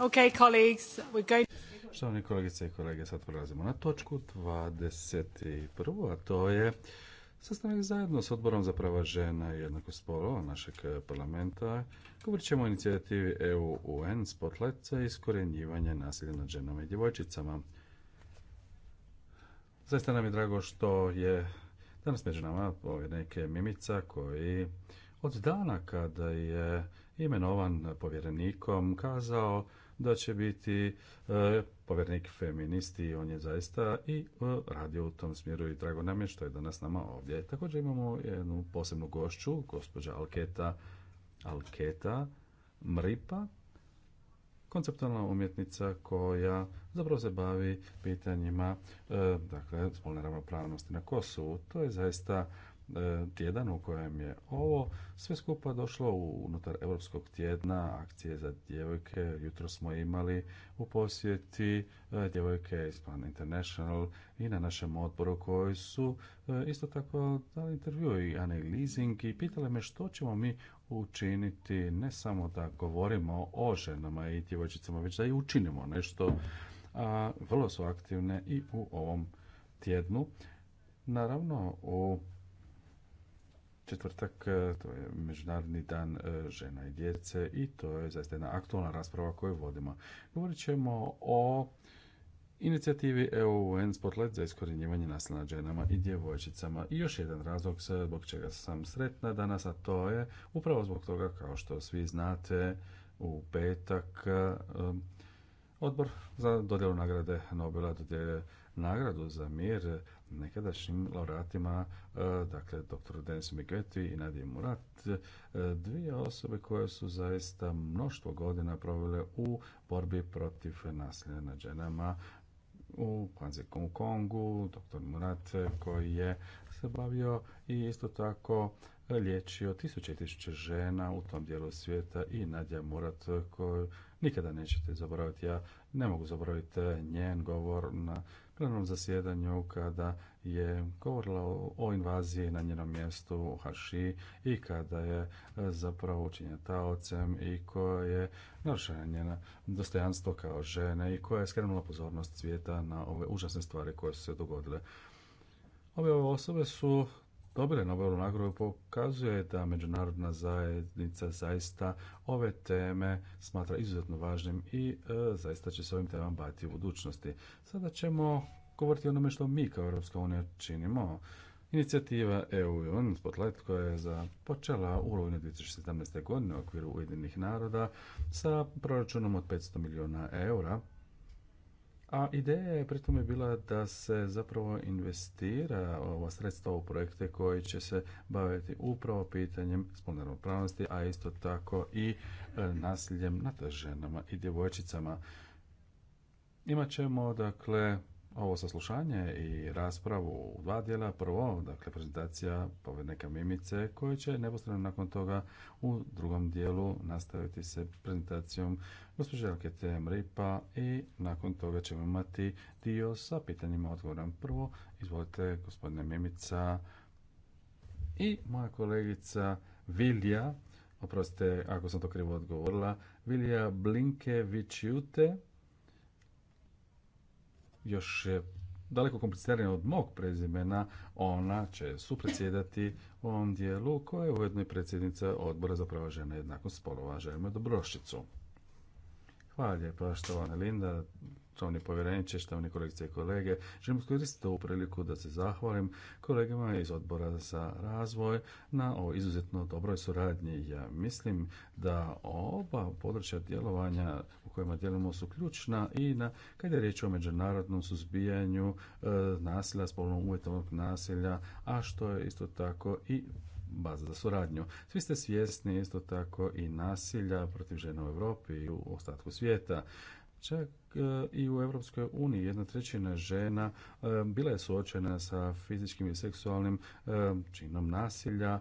Okay, colleagues, we're Štovani kolegice i kolege, sad prelazimo na točku 21. a to je sastanak zajedno s odborom za prava žena i jednako spolova našeg parlamenta. Govorit ćemo o inicijativi EU-UN Spotlight za iskorenjivanje nasilja nad ženama i djevojčicama. Zaista nam je drago što je danas među nama ove neke mimica koji od dana kada je imenovan povjerenikom kazao da će biti e, povjernik feministi i on je zaista i e, radio u tom smjeru i drago nam je što je danas nama ovdje. Također imamo jednu posebnu gošću, gospođa Alketa Alketa Mripa, konceptualna umjetnica koja zapravo se bavi pitanjima e, dakle, spolne ravnopravnosti na Kosovu. To je zaista E, tjedan u kojem je ovo sve skupa došlo unutar Europskog tjedna akcije za djevojke. Jutro smo imali u posjeti e, djevojke iz Plan International i na našem odboru koji su e, isto tako dali intervju i Leasing i pitale me što ćemo mi učiniti ne samo da govorimo o ženama i djevojčicama, već da i učinimo nešto. vrlo su aktivne i u ovom tjednu. Naravno, u četvrtak, e, to je Međunarodni dan e, žena i djece i to je zaista jedna aktualna rasprava koju vodimo. Govorit ćemo o inicijativi EUN Spotlight za iskorjenjivanje nasilja nad ženama i djevojčicama. I još jedan razlog zbog čega sam sretna danas, a to je upravo zbog toga, kao što svi znate, u petak e, Odbor za dodjelu nagrade Nobela dodjele nagradu za mir nekadašnjim laureatima, e, dakle dr. Denis Migeti i Nadije Murat, e, dvije osobe koje su zaista mnoštvo godina provele u borbi protiv nasilja nad ženama u Kwanze Kongu, dr. Murat koji je se bavio i isto tako liječio tisuće i tisuće žena u tom dijelu svijeta i Nadja Murat koju nikada nećete zaboraviti. Ja ne mogu zaboraviti njen govor na plenarnom zasjedanju kada je govorila o invaziji na njenom mjestu u Haši i kada je e, zapravo učinjena taocem i koja je narušena njena dostojanstvo kao žene i koja je skrenula pozornost svijeta na ove užasne stvari koje su se dogodile. Ove osobe su na Nobelovu nagradu pokazuje da međunarodna zajednica zaista ove teme smatra izuzetno važnim i e, zaista će se ovim temama baviti u budućnosti. Sada ćemo govoriti o onome što mi kao Europska unija činimo. Inicijativa EU union Spotlight koja je započela u rujnu 2017. godine u okviru Ujedinih naroda sa proračunom od 500 milijuna eura a ideja je pri tome bila da se zapravo investira ova sredstva u projekte koji će se baviti upravo pitanjem spolne pravnosti, a isto tako i e, nasiljem nad ženama i djevojčicama. Imat ćemo, dakle, ovo saslušanje i raspravu u dva dijela. Prvo, dakle, prezentacija povednika Mimice koji će neposredno nakon toga u drugom dijelu nastaviti se prezentacijom gospođe Alkete Mripa i nakon toga ćemo imati dio sa pitanjima odgovorom. Prvo, izvolite gospodine Mimica i moja kolegica Vilja, oprostite ako sam to krivo odgovorila, Vilja Blinkević-Jute, još je daleko kompliciranija od mog prezimena, ona će supredsjedati u ovom dijelu koja je ujedno i predsjednica odbora za prava žena jednakost spolova. Želimo dobrošicu. Hvala lijepa, je Linda, štovani povjereniče, štovani kolegice i kolege. Želim iskoristiti ovu priliku da se zahvalim kolegama iz odbora za razvoj na ovo izuzetno dobroj suradnji. Ja mislim da oba područja djelovanja u kojima djelujemo su ključna i na, kad je riječ o međunarodnom suzbijanju e, nasilja, spolno uvjetovnog nasilja, a što je isto tako i baza za suradnju. Svi ste svjesni isto tako i nasilja protiv žena u Europi i u ostatku svijeta. Čak e, i u Europskoj uniji jedna trećina žena e, bila je suočena sa fizičkim i seksualnim e, činom nasilja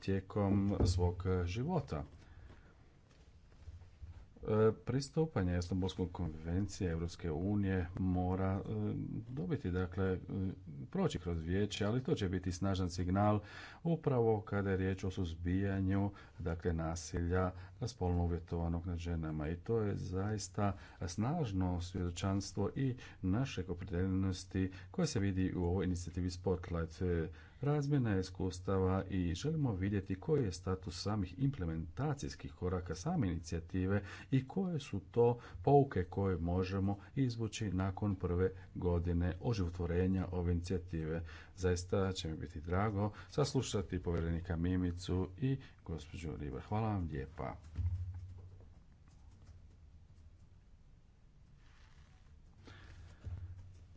tijekom svog života. E, pristupanje Istanbulskoj konvencije Europske unije mora e, dobiti, dakle, e, proći kroz vijeće, ali to će biti snažan signal upravo kada je riječ o suzbijanju, dakle, nasilja spolno uvjetovanog nad ženama i to je zaista snažno svjedočanstvo i naše opredeljenosti koje se vidi u ovoj inicijativi Spotlight razmjena iskustava i želimo vidjeti koji je status samih implementacijskih koraka same inicijative i koje su to pouke koje možemo izvući nakon prve godine oživotvorenja ove inicijative. Zaista će mi biti drago saslušati povjerenika Mimicu i gospođo Ribar. Hvala vam lijepa.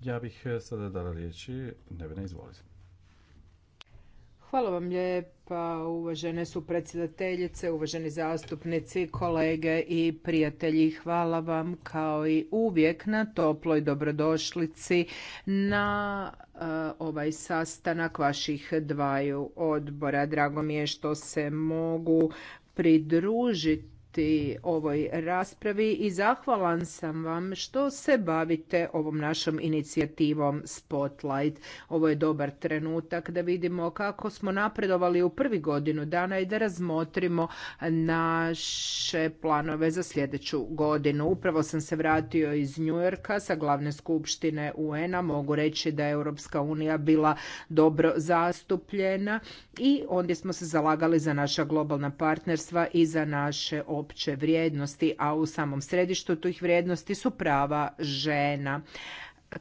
Ja bih eh, sada dala riječi, ne izvolite. Hvala vam lijepa, uvažene su predsjedateljice, uvaženi zastupnici, kolege i prijatelji. Hvala vam kao i uvijek na toploj dobrodošlici na eh, ovaj sastanak vaših dvaju odbora. Drago mi je što se mogu pridružiti pristupiti ovoj raspravi i zahvalan sam vam što se bavite ovom našom inicijativom Spotlight. Ovo je dobar trenutak da vidimo kako smo napredovali u prvi godinu dana i da razmotrimo naše planove za sljedeću godinu. Upravo sam se vratio iz Njujorka sa glavne skupštine UN-a. Mogu reći da je Europska unija bila dobro zastupljena i ondje smo se zalagali za naša globalna partnerstva i za naše opće vrijednosti, a u samom središtu tih vrijednosti su prava žena.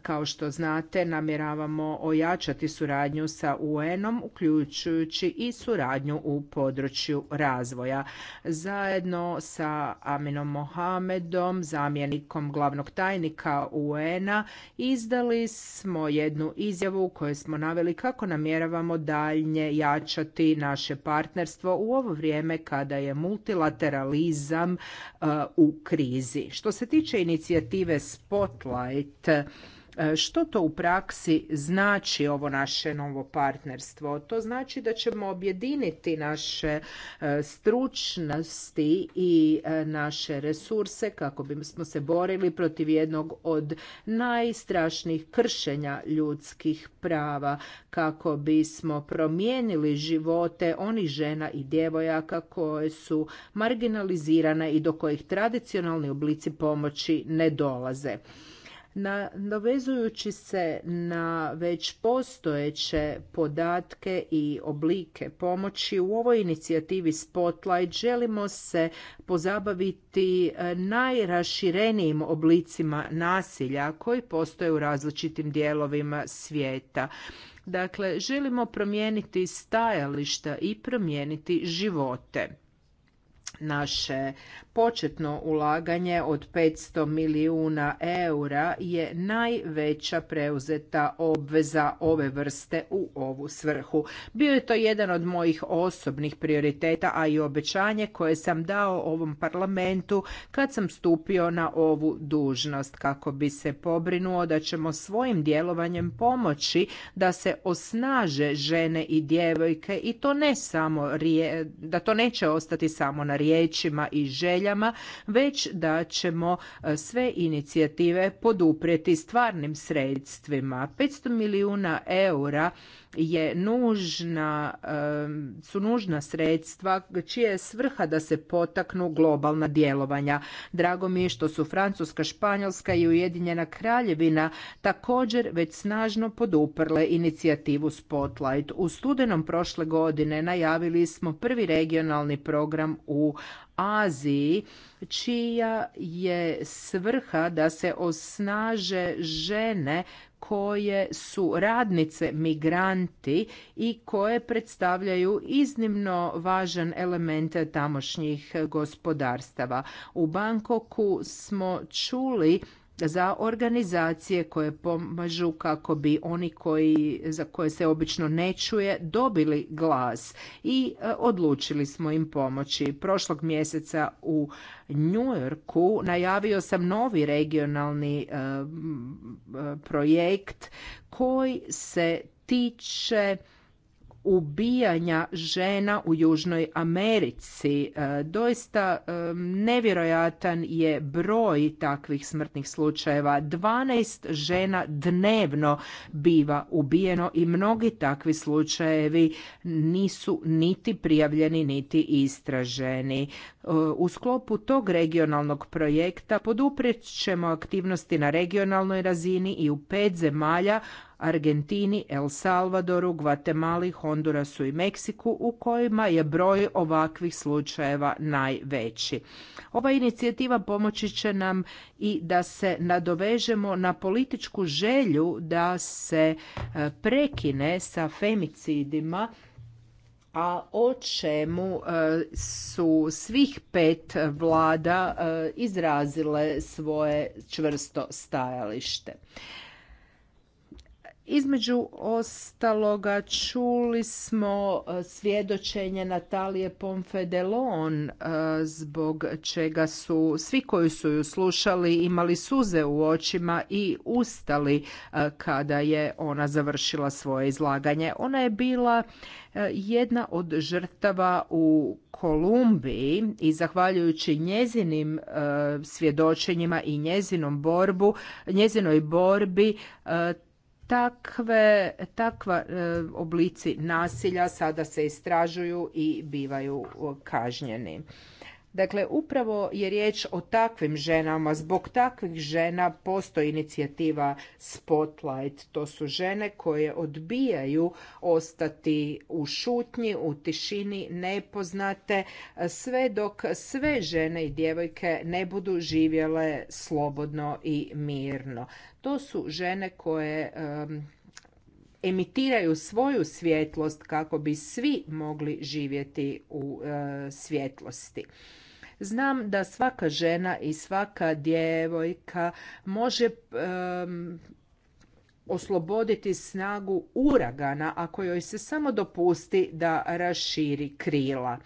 Kao što znate, namjeravamo ojačati suradnju sa UN-om, uključujući i suradnju u području razvoja. Zajedno sa Aminom Mohamedom, zamjenikom glavnog tajnika UN-a, izdali smo jednu izjavu u kojoj smo naveli kako namjeravamo daljnje jačati naše partnerstvo u ovo vrijeme kada je multilateralizam e, u krizi. Što se tiče inicijative Spotlight, E, što to u praksi znači ovo naše novo partnerstvo? To znači da ćemo objediniti naše e, stručnosti i e, naše resurse kako bismo se borili protiv jednog od najstrašnijih kršenja ljudskih prava, kako bismo promijenili živote onih žena i djevojaka koje su marginalizirane i do kojih tradicionalni oblici pomoći ne dolaze. Nadovezujući se na već postojeće podatke i oblike pomoći, u ovoj inicijativi Spotlight želimo se pozabaviti e, najraširenijim oblicima nasilja koji postoje u različitim dijelovima svijeta. Dakle, želimo promijeniti stajališta i promijeniti živote. Naše početno ulaganje od 500 milijuna eura je najveća preuzeta obveza ove vrste u ovu svrhu. Bio je to jedan od mojih osobnih prioriteta, a i obećanje koje sam dao ovom parlamentu kad sam stupio na ovu dužnost kako bi se pobrinuo da ćemo svojim djelovanjem pomoći da se osnaže žene i djevojke i to ne samo da to neće ostati samo na riječi riječima i željama, već da ćemo e, sve inicijative poduprijeti stvarnim sredstvima. 500 milijuna eura je nužna, e, su nužna sredstva čija je svrha da se potaknu globalna djelovanja. Drago mi je što su Francuska, Španjolska i Ujedinjena Kraljevina također već snažno poduprle inicijativu Spotlight. U studenom prošle godine najavili smo prvi regionalni program u Aziji čija je svrha da se osnaže žene koje su radnice migranti i koje predstavljaju iznimno važan element tamošnjih gospodarstava. U Bankoku smo čuli za organizacije koje pomažu kako bi oni koji, za koje se obično ne čuje dobili glas i e, odlučili smo im pomoći. Prošlog mjeseca u Njujorku najavio sam novi regionalni e, e, projekt koji se tiče ubijanja žena u Južnoj Americi. E, doista e, nevjerojatan je broj takvih smrtnih slučajeva. 12 žena dnevno biva ubijeno i mnogi takvi slučajevi nisu niti prijavljeni niti istraženi. E, u sklopu tog regionalnog projekta poduprijet ćemo aktivnosti na regionalnoj razini i u pet zemalja, Argentini, El Salvadoru, Gvatemali, Hondurasu i Meksiku u kojima je broj ovakvih slučajeva najveći. Ova inicijativa pomoći će nam i da se nadovežemo na političku želju da se e, prekine sa femicidima a o čemu e, su svih pet vlada e, izrazile svoje čvrsto stajalište. Između ostaloga čuli smo e, svjedočenje Natalije Delon e, zbog čega su svi koji su ju slušali imali suze u očima i ustali e, kada je ona završila svoje izlaganje. Ona je bila jedna od žrtava u Kolumbiji i zahvaljujući njezinim svjedočenjima i njezinom borbu, njezinoj borbi Takve, takva e, oblici nasilja sada se istražuju i bivaju kažnjeni. Dakle, upravo je riječ o takvim ženama. Zbog takvih žena postoji inicijativa Spotlight. To su žene koje odbijaju ostati u šutnji, u tišini, nepoznate, sve dok sve žene i djevojke ne budu živjele slobodno i mirno. To su žene koje emitiraju svoju svjetlost kako bi svi mogli živjeti u e, svjetlosti Znam da svaka žena i svaka djevojka može osloboditi snagu uragana ako joj se samo dopusti da raširi krila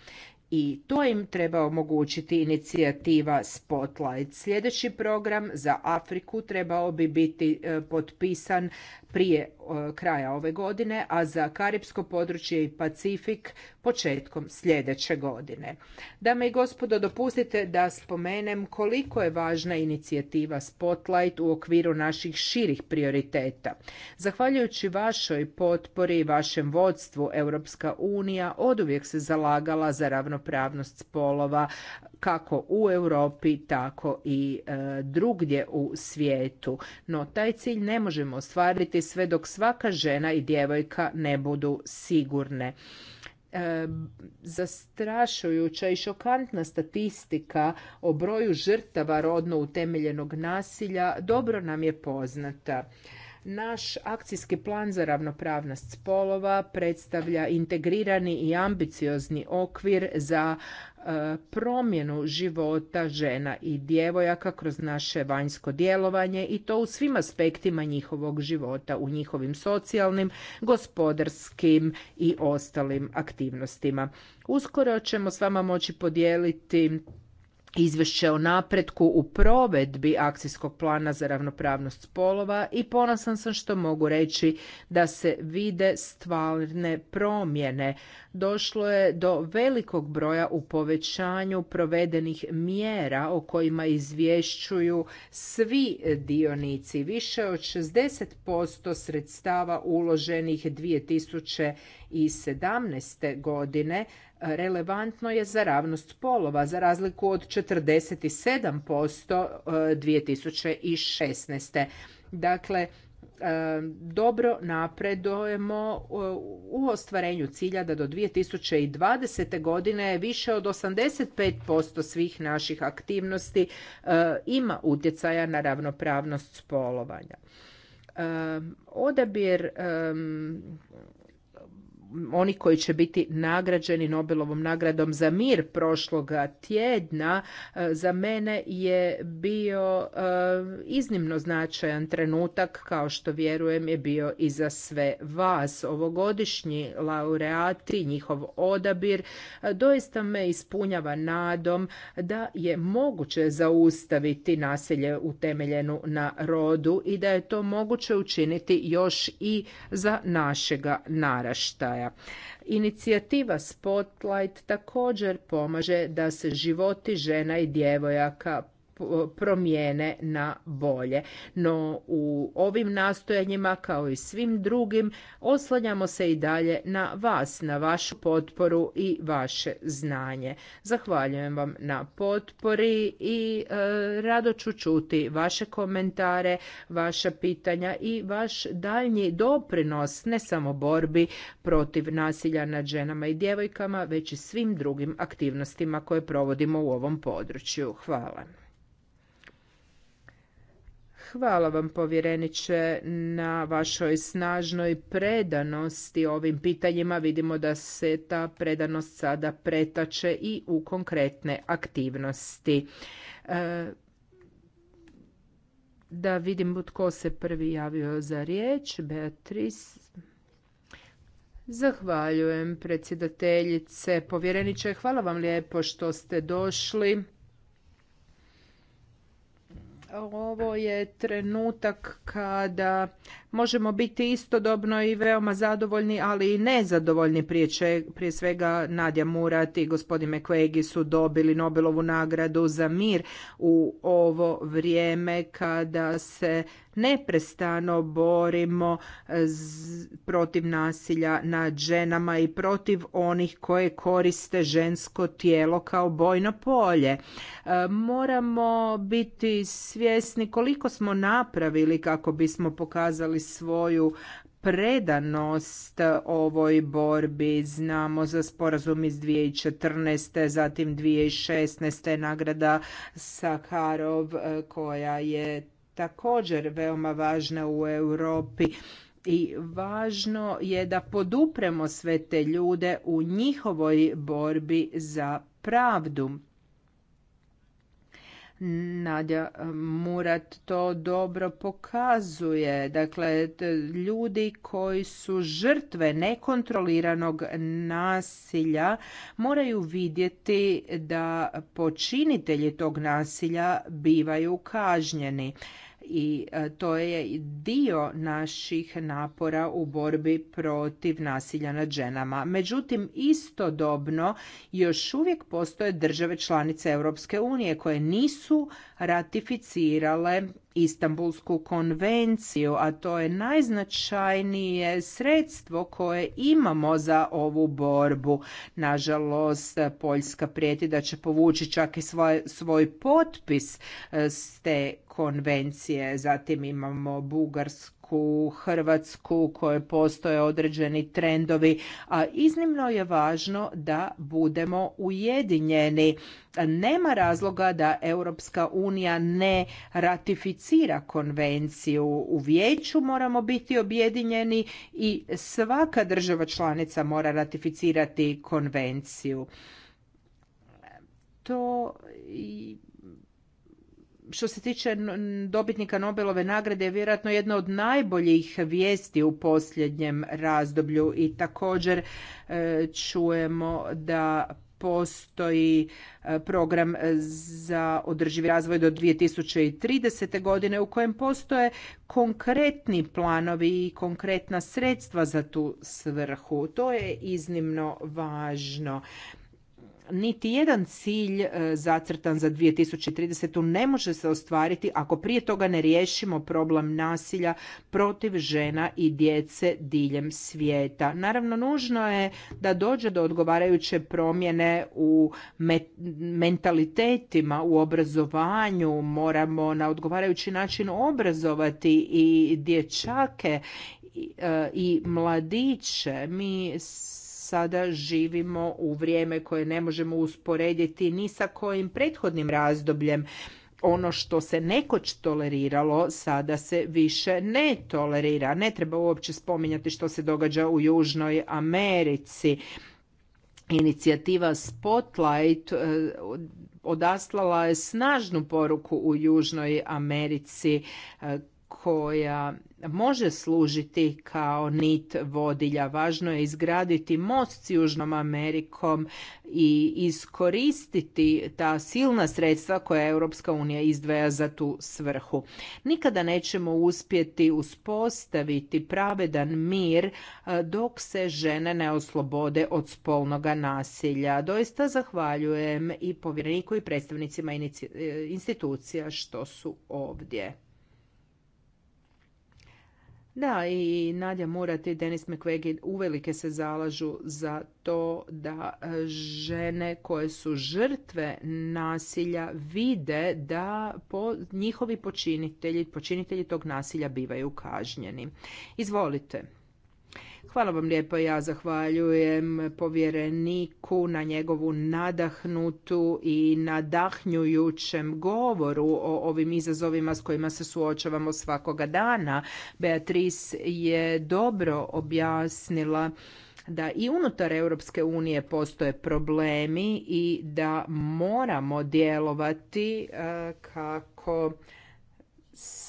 i to im treba omogućiti inicijativa Spotlight. Sljedeći program za Afriku trebao bi biti e, potpisan prije e, kraja ove godine, a za Karibsko područje i Pacifik početkom sljedeće godine. Dame i gospodo, dopustite da spomenem koliko je važna inicijativa Spotlight u okviru naših širih prioriteta. Zahvaljujući vašoj potpori i vašem vodstvu, Europska unija oduvijek se zalagala za ravnopravnost ravnopravnost spolova kako u Europi tako i e, drugdje u svijetu. No taj cilj ne možemo ostvariti sve dok svaka žena i djevojka ne budu sigurne. E, zastrašujuća i šokantna statistika o broju žrtava rodno utemeljenog nasilja dobro nam je poznata. Naš akcijski plan za ravnopravnost spolova predstavlja integrirani i ambiciozni okvir za e, promjenu života žena i djevojaka kroz naše vanjsko djelovanje i to u svim aspektima njihovog života, u njihovim socijalnim, gospodarskim i ostalim aktivnostima. Uskoro ćemo s vama moći podijeliti izvješće o napretku u provedbi akcijskog plana za ravnopravnost spolova i ponosan sam što mogu reći da se vide stvarne promjene. Došlo je do velikog broja u povećanju provedenih mjera o kojima izvješćuju svi dionici. Više od 60% sredstava uloženih 2000 2017. godine e, relevantno je za ravnost spolova za razliku od 47% 2016. E, dakle, e, dobro napredujemo u ostvarenju cilja da do 2020. godine više od 85% svih naših aktivnosti ima utjecaja na ravnopravnost spolovanja. Odabir oni koji će biti nagrađeni Nobelovom nagradom za mir prošloga tjedna e, za mene je bio e, iznimno značajan trenutak kao što vjerujem je bio i za sve vas. Ovogodišnji laureati, njihov odabir e, doista me ispunjava nadom da je moguće zaustaviti nasilje utemeljenu na rodu i da je to moguće učiniti još i za našega naraštaja. Inicijativa Spotlight također pomaže da se životi žena i djevojaka promijene na bolje. No u ovim nastojanjima kao i svim drugim oslanjamo se i dalje na vas, na vašu potporu i vaše znanje. Zahvaljujem vam na potpori i e, rado ću čuti vaše komentare, vaša pitanja i vaš daljnji doprinos ne samo borbi protiv nasilja nad ženama i djevojkama, već i svim drugim aktivnostima koje provodimo u ovom području. Hvala. Hvala vam povjereniče na vašoj snažnoj predanosti ovim pitanjima. Vidimo da se ta predanost sada pretače i u konkretne aktivnosti. E, da vidim tko se prvi javio za riječ. Beatrice. Zahvaljujem predsjedateljice, povjereniče. Hvala vam lijepo što ste došli ovo je trenutak kada možemo biti istodobno i veoma zadovoljni, ali i nezadovoljni. Prije, prije svega Nadja Murat i gospodin Mekvegi su dobili Nobelovu nagradu za mir u ovo vrijeme kada se neprestano borimo e, protiv nasilja nad ženama i protiv onih koje koriste žensko tijelo kao bojno polje. E, moramo biti svjesni koliko smo napravili kako bismo pokazali svoju predanost ovoj borbi. Znamo za sporazum iz 2014. zatim 2016. nagrada Saharov e, koja je također veoma važna u Europi i važno je da podupremo sve te ljude u njihovoj borbi za pravdu. Nadja Murat to dobro pokazuje. Dakle, ljudi koji su žrtve nekontroliranog nasilja moraju vidjeti da počinitelji tog nasilja bivaju kažnjeni i e, to je dio naših napora u borbi protiv nasilja nad ženama. Međutim, istodobno još uvijek postoje države članice Europske unije koje nisu ratificirale Istanbulsku konvenciju, a to je najznačajnije sredstvo koje imamo za ovu borbu. Nažalost, Poljska prijeti da će povući čak i svoj, svoj potpis eh, s te konvencije. Zatim imamo Bugarsku u Hrvatsku koje postoje određeni trendovi, a iznimno je važno da budemo ujedinjeni. Nema razloga da Europska unija ne ratificira konvenciju. U vijeću moramo biti objedinjeni i svaka država članica mora ratificirati konvenciju. To i što se tiče dobitnika Nobelove nagrade je vjerojatno jedna od najboljih vijesti u posljednjem razdoblju i također e, čujemo da postoji e, program za održivi razvoj do 2030. godine u kojem postoje konkretni planovi i konkretna sredstva za tu svrhu. To je iznimno važno niti jedan cilj e, zacrtan za 2030. ne može se ostvariti ako prije toga ne riješimo problem nasilja protiv žena i djece diljem svijeta. Naravno, nužno je da dođe do odgovarajuće promjene u mentalitetima, u obrazovanju. Moramo na odgovarajući način obrazovati i dječake i e, mladiće. Mi sada živimo u vrijeme koje ne možemo usporediti ni sa kojim prethodnim razdobljem ono što se nekoć toleriralo sada se više ne tolerira. Ne treba uopće spominjati što se događa u Južnoj Americi. Inicijativa Spotlight e, odaslala je snažnu poruku u Južnoj Americi e, koja može služiti kao nit vodilja. Važno je izgraditi most s Južnom Amerikom i iskoristiti ta silna sredstva koja Europska unija izdvaja za tu svrhu. Nikada nećemo uspjeti uspostaviti pravedan mir eh, dok se žene ne oslobode od spolnoga nasilja. Doista zahvaljujem i povjereniku i predstavnicima eh, institucija što su ovdje. Da, i Nadja Murat i Denis McVegi uvelike se zalažu za to da e, žene koje su žrtve nasilja vide da po njihovi počinitelji, počinitelji tog nasilja bivaju kažnjeni. Izvolite. Hvala vam lijepo, ja zahvaljujem povjereniku na njegovu nadahnutu i nadahnjujućem govoru o ovim izazovima s kojima se suočavamo svakoga dana. Beatrice je dobro objasnila da i unutar Europske unije postoje problemi i da moramo djelovati eh, kako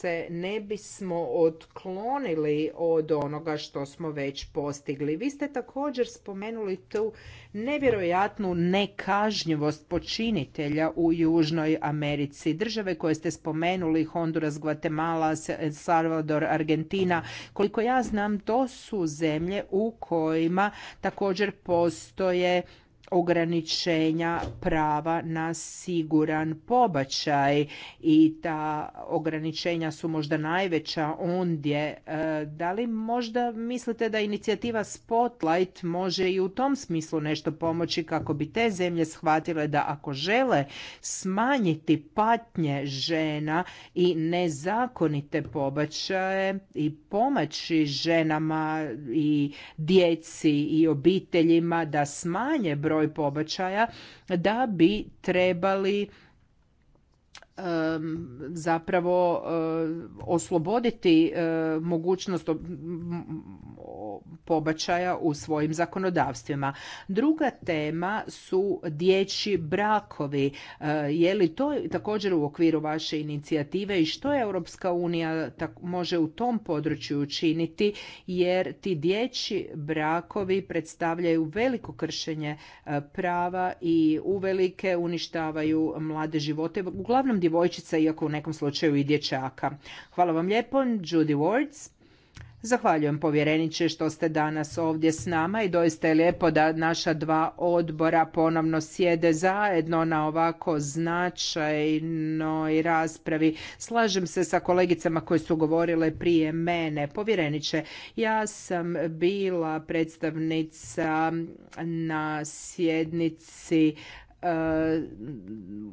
se ne bismo otklonili od onoga što smo već postigli. Vi ste također spomenuli tu nevjerojatnu nekažnjivost počinitelja u Južnoj Americi. Države koje ste spomenuli, Honduras, Guatemala, Salvador, Argentina, koliko ja znam, to su zemlje u kojima također postoje ograničenja prava na siguran pobačaj i ta ograničenja su možda najveća ondje. E, da li možda mislite da inicijativa Spotlight može i u tom smislu nešto pomoći kako bi te zemlje shvatile da ako žele smanjiti patnje žena i nezakonite pobačaje i pomaći ženama i djeci i obiteljima da smanje broj broj pobačaja da bi trebali zapravo osloboditi mogućnost pobačaja u svojim zakonodavstvima. Druga tema su dječji brakovi. Je li to također u okviru vaše inicijative i što je Europska unija može u tom području učiniti jer ti dječji brakovi predstavljaju veliko kršenje prava i uvelike uništavaju mlade živote, uglavnom djevojčica, iako u nekom slučaju i dječaka. Hvala vam lijepo, Judy Words. Zahvaljujem povjereniče što ste danas ovdje s nama i doista je lijepo da naša dva odbora ponovno sjede zajedno na ovako značajnoj raspravi. Slažem se sa kolegicama koje su govorile prije mene. Povjereniče, ja sam bila predstavnica na sjednici Eh,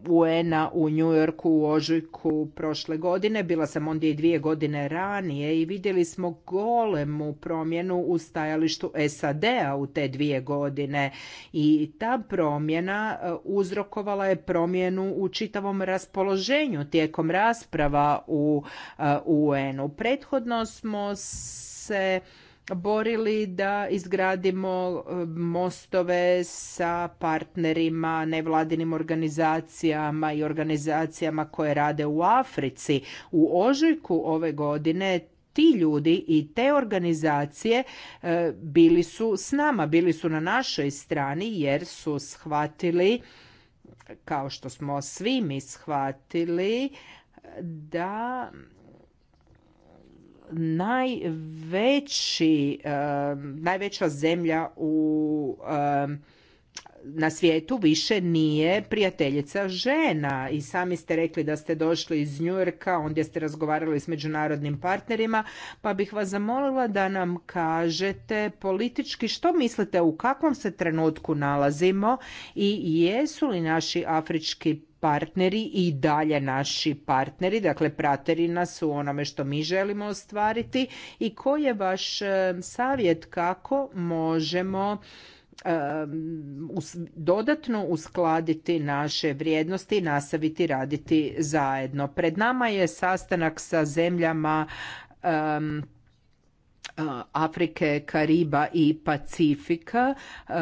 UN-a u New Yorku u ožujku prošle godine. Bila sam ondje i dvije godine ranije i vidjeli smo golemu promjenu u stajalištu SAD-a u te dvije godine i ta promjena eh, uzrokovala je promjenu u čitavom raspoloženju tijekom rasprava u eh, UN-u. Prethodno smo se borili da izgradimo e, mostove sa partnerima, nevladinim organizacijama i organizacijama koje rade u Africi. U ožujku ove godine ti ljudi i te organizacije e, bili su s nama, bili su na našoj strani jer su shvatili kao što smo svi mi shvatili da najveći, najveća zemlja u na svijetu više nije prijateljica žena i sami ste rekli da ste došli iz Njurka, ondje ste razgovarali s međunarodnim partnerima, pa bih vas zamolila da nam kažete politički što mislite u kakvom se trenutku nalazimo i jesu li naši afrički partneri i dalje naši partneri, dakle prateri nas u onome što mi želimo ostvariti i koji je vaš eh, savjet kako možemo dodatno uskladiti naše vrijednosti i nastaviti raditi zajedno. Pred nama je sastanak sa zemljama Afrike, Kariba i Pacifika e,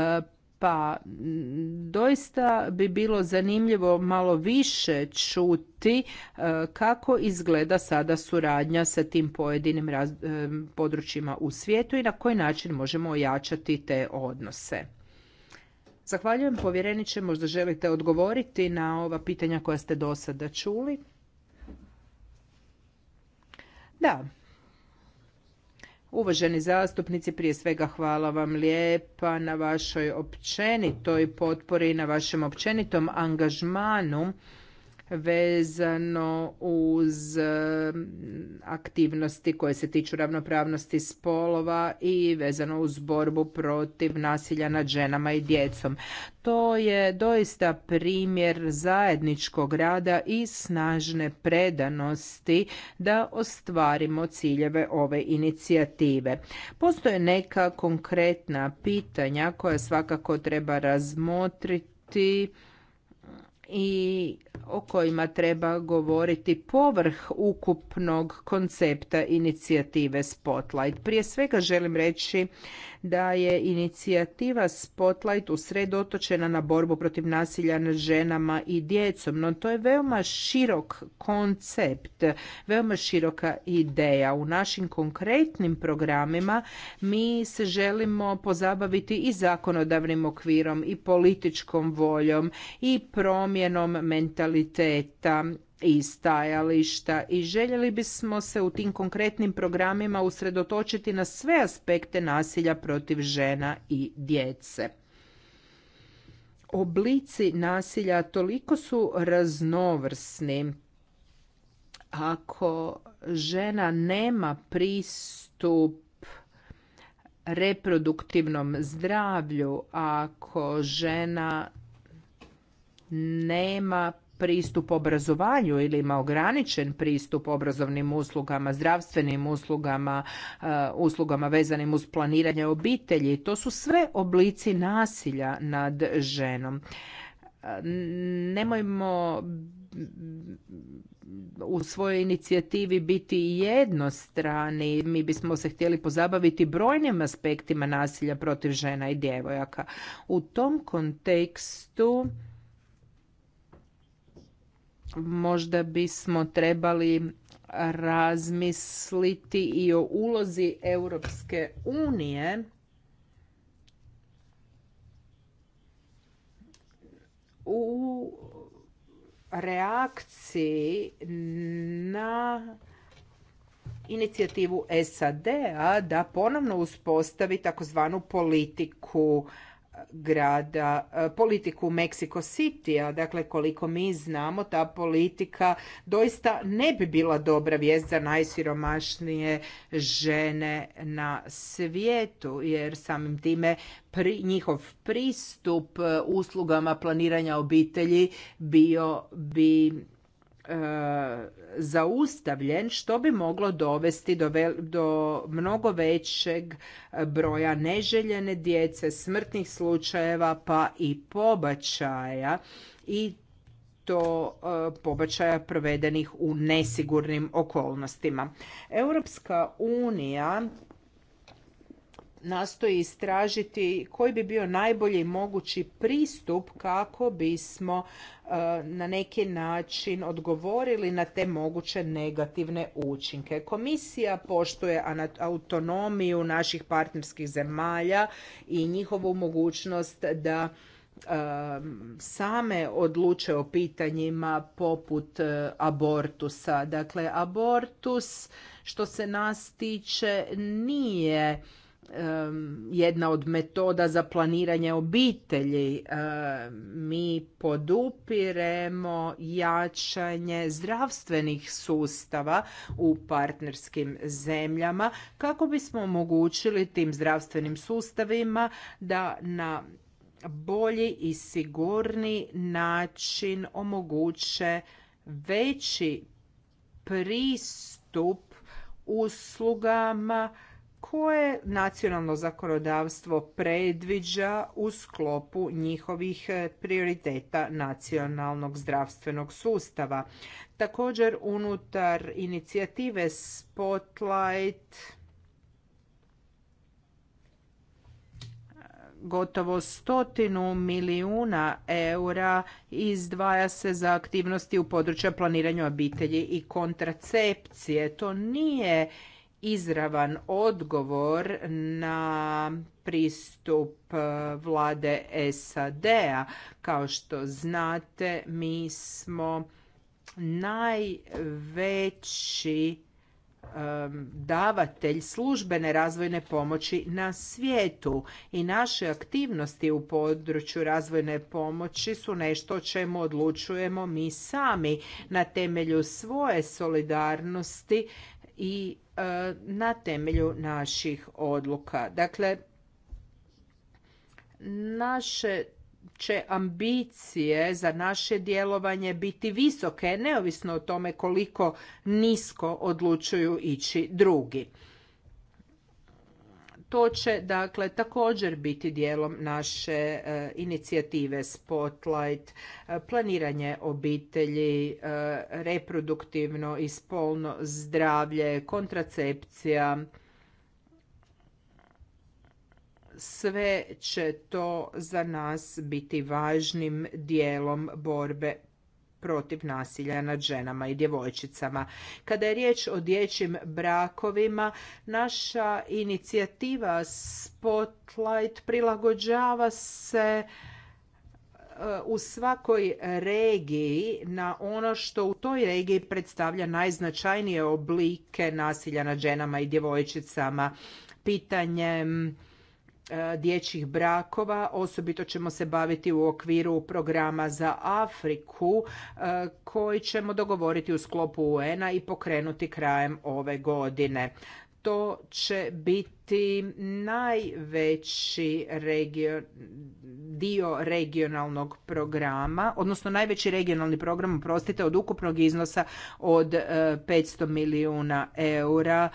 pa mm, doista bi bilo zanimljivo malo više čuti e, kako izgleda sada suradnja sa tim pojedinim e, područjima u svijetu i na koji način možemo ojačati te odnose. Zahvaljujem povjereniče, možda želite odgovoriti na ova pitanja koja ste do sada čuli. Da, Uvaženi zastupnici, prije svega hvala vam lijepa na vašoj općenitoj potpori i na vašem općenitom angažmanu vezano uz aktivnosti koje se tiču ravnopravnosti spolova i vezano uz borbu protiv nasilja nad ženama i djecom. To je doista primjer zajedničkog rada i snažne predanosti da ostvarimo ciljeve ove inicijative. Postoje neka konkretna pitanja koja svakako treba razmotriti i o kojima treba govoriti povrh ukupnog koncepta inicijative Spotlight. Prije svega želim reći da je inicijativa Spotlight usredotočena na borbu protiv nasilja nad ženama i djecom, no to je veoma širok koncept, veoma široka ideja. U našim konkretnim programima mi se želimo pozabaviti i zakonodavnim okvirom i političkom voljom i promjenom mentaliteta i stajališta i željeli bismo se u tim konkretnim programima usredotočiti na sve aspekte nasilja protiv žena i djece oblici nasilja toliko su raznovrsni ako žena nema pristup reproduktivnom zdravlju ako žena nema pristup obrazovanju ili ima ograničen pristup obrazovnim uslugama, zdravstvenim uslugama, e, uslugama vezanim uz planiranje obitelji. To su sve oblici nasilja nad ženom. E, nemojmo u svojoj inicijativi biti jednostrani. Mi bismo se htjeli pozabaviti brojnim aspektima nasilja protiv žena i djevojaka. U tom kontekstu možda bismo trebali razmisliti i o ulozi Europske unije u reakciji na inicijativu SAD-a da ponovno uspostavi takozvanu politiku grada, e, politiku Mexico City-a, dakle koliko mi znamo ta politika doista ne bi bila dobra vijest za najsiromašnije žene na svijetu jer samim time pri, njihov pristup e, uslugama planiranja obitelji bio bi E, zaustavljen što bi moglo dovesti do, mnogo većeg broja neželjene djece, smrtnih slučajeva pa i pobačaja i to e, pobačaja provedenih u nesigurnim okolnostima. Europska unija nastoji istražiti koji bi bio najbolji mogući pristup kako bismo e, na neki način odgovorili na te moguće negativne učinke. Komisija poštuje autonomiju naših partnerskih zemalja i njihovu mogućnost da e, same odluče o pitanjima poput e, abortusa. Dakle, abortus što se nas tiče nije jedna od metoda za planiranje obitelji. Mi podupiremo jačanje zdravstvenih sustava u partnerskim zemljama kako bismo omogućili tim zdravstvenim sustavima da na bolji i sigurni način omoguće veći pristup uslugama koje nacionalno zakonodavstvo predviđa u sklopu njihovih e, prioriteta nacionalnog zdravstvenog sustava. Također unutar inicijative Spotlight gotovo stotinu milijuna eura izdvaja se za aktivnosti u području planiranja obitelji i kontracepcije. To nije izravan odgovor na pristup e, vlade SAD-a. Kao što znate, mi smo najveći e, davatelj službene razvojne pomoći na svijetu i naše aktivnosti u području razvojne pomoći su nešto o čemu odlučujemo mi sami na temelju svoje solidarnosti i e, na temelju naših odluka. Dakle, naše će ambicije za naše djelovanje biti visoke, neovisno o tome koliko nisko odlučuju ići drugi. To će dakle također biti dijelom naše e, inicijative Spotlight, e, planiranje obitelji, e, reproduktivno i spolno zdravlje, kontracepcija, sve će to za nas biti važnim dijelom borbe protiv nasilja nad ženama i djevojčicama. Kada je riječ o dječjim brakovima, naša inicijativa Spotlight prilagođava se uh, u svakoj regiji na ono što u toj regiji predstavlja najznačajnije oblike nasilja nad ženama i djevojčicama, pitanjem mm, E, dječjih brakova. Osobito ćemo se baviti u okviru programa za Afriku e, koji ćemo dogovoriti u sklopu UN-a i pokrenuti krajem ove godine. To će biti najveći dio regionalnog programa, odnosno najveći regionalni program, prostite od ukupnog iznosa od 500 e, milijuna eura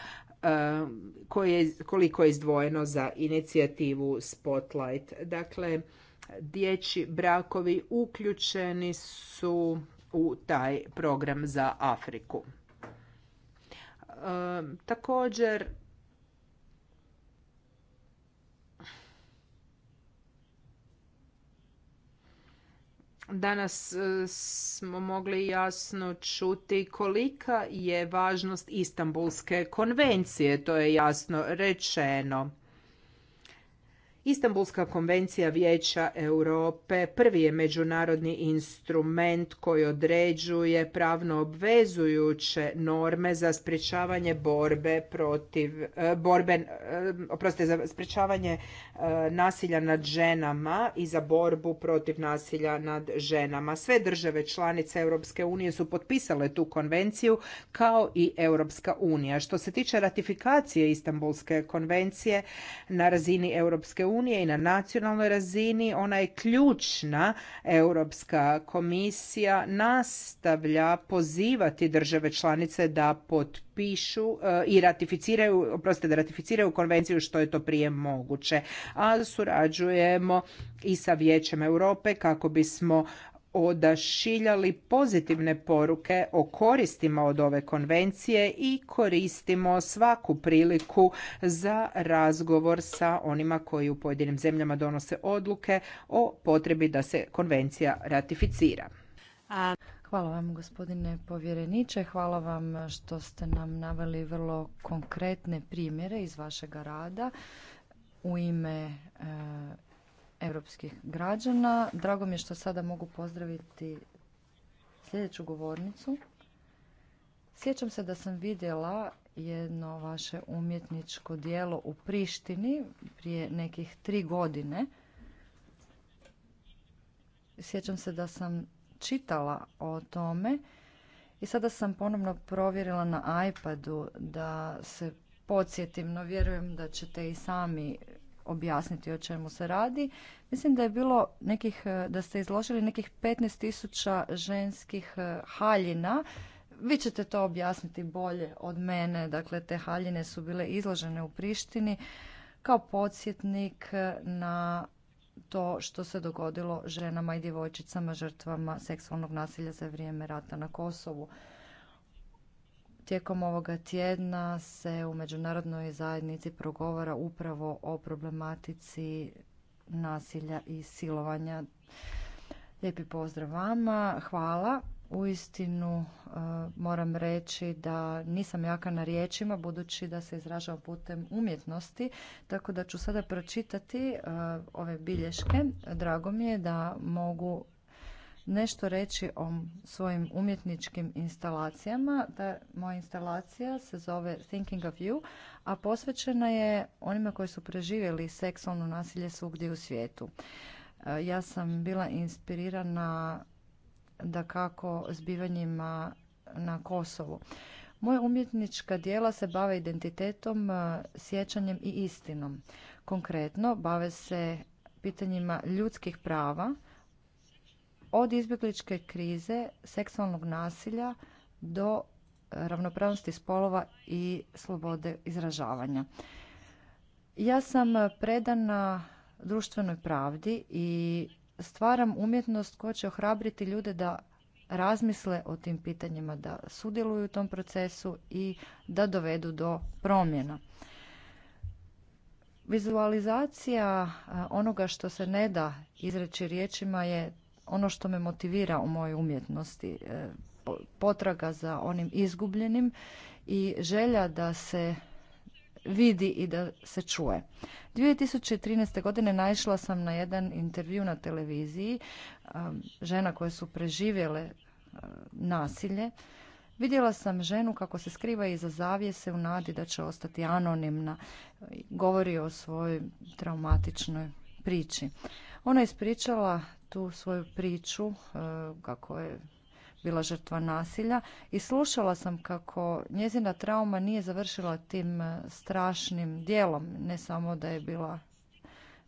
Um, koje, koliko je izdvojeno za inicijativu Spotlight. Dakle, dječji brakovi uključeni su u taj program za Afriku. Um, također Danas e, smo mogli jasno čuti kolika je važnost Istanbulske konvencije, to je jasno rečeno. Istanbulska konvencija Vijeća Europe prvi je međunarodni instrument koji određuje pravno obvezujuće norme za sprječavanje borbe protiv e, borbe e, oprostite za sprječavanje e, nasilja nad ženama i za borbu protiv nasilja nad ženama. Sve države članice Europske unije su potpisale tu konvenciju kao i Europska unija. Što se tiče ratifikacije Istanbulske konvencije na razini Europske unije i na nacionalnoj razini ona je ključna. Europska komisija nastavlja pozivati države članice da potpišu e, i ratificiraju, oprostite, da ratificiraju konvenciju što je to prije moguće. A surađujemo i sa Vijećem Europe kako bismo odašiljali pozitivne poruke o koristima od ove konvencije i koristimo svaku priliku za razgovor sa onima koji u pojedinim zemljama donose odluke o potrebi da se konvencija ratificira. Hvala vam gospodine povjereniče, hvala vam što ste nam naveli vrlo konkretne primjere iz vašega rada u ime e, europskih građana. Drago mi je što sada mogu pozdraviti sljedeću govornicu. Sjećam se da sam vidjela jedno vaše umjetničko dijelo u Prištini prije nekih tri godine. Sjećam se da sam čitala o tome i sada sam ponovno provjerila na iPadu da se podsjetim, no vjerujem da ćete i sami objasniti o čemu se radi. Mislim da je bilo nekih, e, da ste izložili nekih 15.000 ženskih e, haljina. Vi ćete to objasniti bolje od mene. Dakle, te haljine su bile izložene u Prištini kao podsjetnik e, na to što se dogodilo ženama i djevojčicama žrtvama seksualnog nasilja za vrijeme rata na Kosovu. Tijekom ovoga tjedna se u međunarodnoj zajednici progovara upravo o problematici nasilja i silovanja. Lijepi pozdrav vama, hvala. istinu e, moram reći da nisam jaka na riječima budući da se izražavam putem umjetnosti, tako da ću sada pročitati e, ove bilješke. Drago mi je da mogu nešto reći o svojim umjetničkim instalacijama. Da, moja instalacija se zove Thinking of You, a posvećena je onima koji su preživjeli seksualno nasilje svugdje u svijetu. E, ja sam bila inspirirana da kako zbivanjima na Kosovu. Moja umjetnička dijela se bave identitetom, e, sjećanjem i istinom. Konkretno bave se pitanjima ljudskih prava, od izbjegličke krize, seksualnog nasilja do e, ravnopravnosti spolova i slobode izražavanja. Ja sam predana društvenoj pravdi i stvaram umjetnost koja će ohrabriti ljude da razmisle o tim pitanjima, da sudjeluju u tom procesu i da dovedu do promjena. Vizualizacija e, onoga što se ne da izreći riječima je ono što me motivira u mojoj umjetnosti, e, potraga za onim izgubljenim i želja da se vidi i da se čuje. 2013. godine naišla sam na jedan intervju na televiziji žena koje su preživjele nasilje. Vidjela sam ženu kako se skriva iza zavijese u nadi da će ostati anonimna. Govori o svojoj traumatičnoj priči. Ona je ispričala tu svoju priču e, kako je bila žrtva nasilja i slušala sam kako njezina trauma nije završila tim e, strašnim dijelom, ne samo da je bila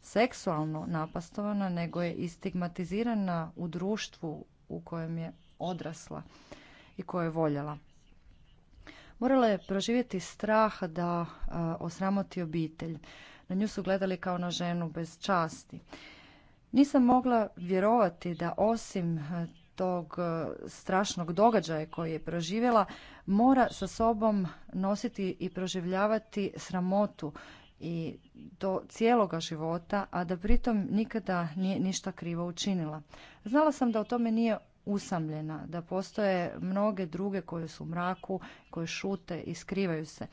seksualno napastovana, nego je i stigmatizirana u društvu u kojem je odrasla i koje je voljela. Morala je proživjeti strah da e, osramoti obitelj. Na nju su gledali kao na ženu bez časti. Nisam mogla vjerovati da osim eh, tog eh, strašnog događaja koji je proživjela mora sa sobom nositi i proživljavati sramotu i do cijeloga života, a da pritom nikada nije ništa krivo učinila. Znala sam da o tome nije usamljena, da postoje mnoge druge koje su u mraku, koje šute i skrivaju se.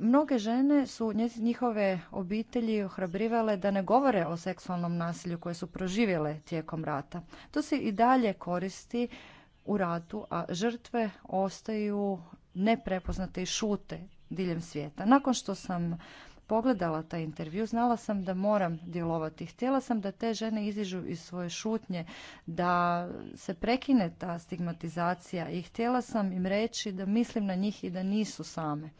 Mnoge žene su njihove obitelji ohrabrivale da ne govore o seksualnom nasilju koje su proživjele tijekom rata. To se i dalje koristi u ratu, a žrtve ostaju neprepoznate i šute diljem svijeta. Nakon što sam pogledala taj intervju, znala sam da moram djelovati. Htjela sam da te žene izižu iz svoje šutnje, da se prekine ta stigmatizacija i htjela sam im reći da mislim na njih i da nisu same.